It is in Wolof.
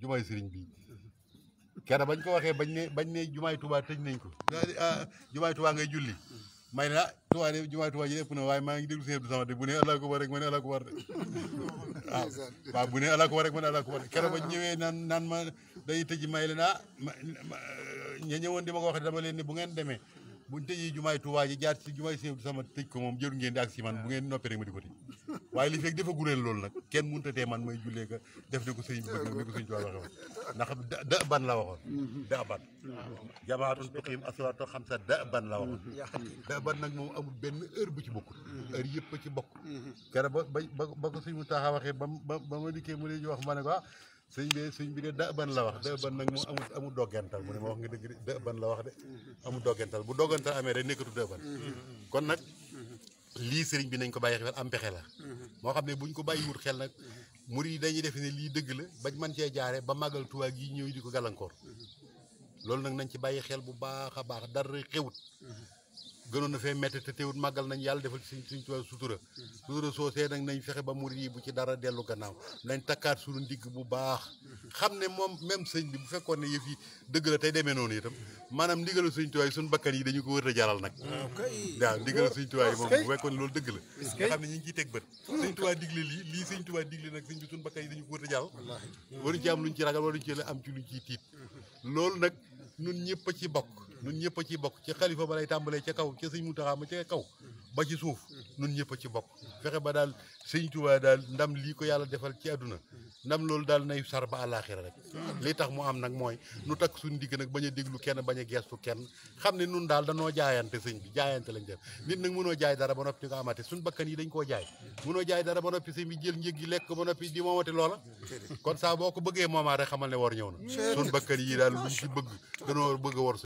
jumaay sëriñ bi kenn bañ ko waxee bañ ne bañ ne jumaay Tuubaa tëj nañ ko ah, julli may na ah Tuubaa de jumaay Tuubaa waaye maa ngi déglu sëriñ bi bu ne Allaahu akbar rek ma ne Allaahu akbar de ah, bu ne Allaahu akbar rek ma ne Allaahu akbar de kenn bañ ñëwee naan naan ma day tëj may leen ah ña ñëwoon di ma ko wax dama leen ne bu ngeen demee buñ tëjee jumaay ji jaar ci jumaay sëriñ bi sama tëj moom jëru ngeen di ak si man bu ngeen noppee rek ma di ko tëj waaye li fekk dafa loolu nag kenn mënut a tee man may jullee ka def ni ko sëñ bëgg ni ko sëñ Tuubaa waxee ndax da ban la waxoon da ban jamaatun tuqiim aswaata xam sa da ban la waxoon da ban nag moom amul benn heure bu ci bokkul heure ci bokk kere ba ba ba ko sëñ mu taxaa waxee ba ba ma dikkee mu ne ñu wax ma ne ko ah, sëñ bi sëñ bi de da ban la wax da ban nag moom amul amul doggantal mu ne ma wax nga dëgg da ban la wax de amul doggantal bu doggantal amee rek nekkatu da kon nag lii sëriñ bi nañ ko bàyyi xel am pexe la mhm. moo xam ne buñ ko bàyyiwut xel nag mhm. murid yi dañuy def ne lii dëgg la bañ man cee jaare ba màggal Tuubaa yi ñëw di ko gàllankoor mhm. loolu nag nañ ci bàyyi xel bu baax a baax dara xewut gënoon na fee métti te teewut màggal nañ yàlla defal ci suñ suñ sutura sutura soosee nag nañ fexe ba mu yi bu ci dara dellu gannaaw nañ takkaat suñu ndigg bu baax xam ne moom même sëñ bi bu fekkoon ne yëf yi dëgg la tey demee noonu itam maanaam ndigalu suñ tuwaay suñ bakkan yi dañu ko wër a jaral nag ah, waaw ndigalu suñ tuwaay moom loolu dëgg la nga xam ne ñu ngi ciy teg bët suñ tuwaay digle lii lii suñ tuwaay digle nag suñ bi suñ bakkan yi dañu ko wër a jaral waruñ ci am luñ ci ragal waruñ ci am ci luñ ciy tiit loolu bokk nun ñëpp a ci bokk ci xalifa ba lay tàmbalee ca kaw ca sëñ Muntaxa ma ca kaw ba ci suuf nun ñëpp a ci bokk fexe ba daal sëñ Tuubaa daal ndam lii ko yàlla defal ci àdduna ndam loolu daal nay sar ba àllaaxira rek li tax mu am nag mooy nu takk suñu digg nag bañ a déglu kenn bañ a geestu kenn xam ne nun daal danoo jaayante sëñ bi jaayante lañ def nit nag mënoo jaay dara ba noppi nga amate suñ bakkan yi dañ koo jaay mënoo jaay dara ba noppi sëñ bi jël njëg gi lekk ba noppi di moomate loola kon saa boo ko bëggee moomaa rek xamal ne war ñëw na suñ bakkan yi daal luñ ci bëgg danoo bëgg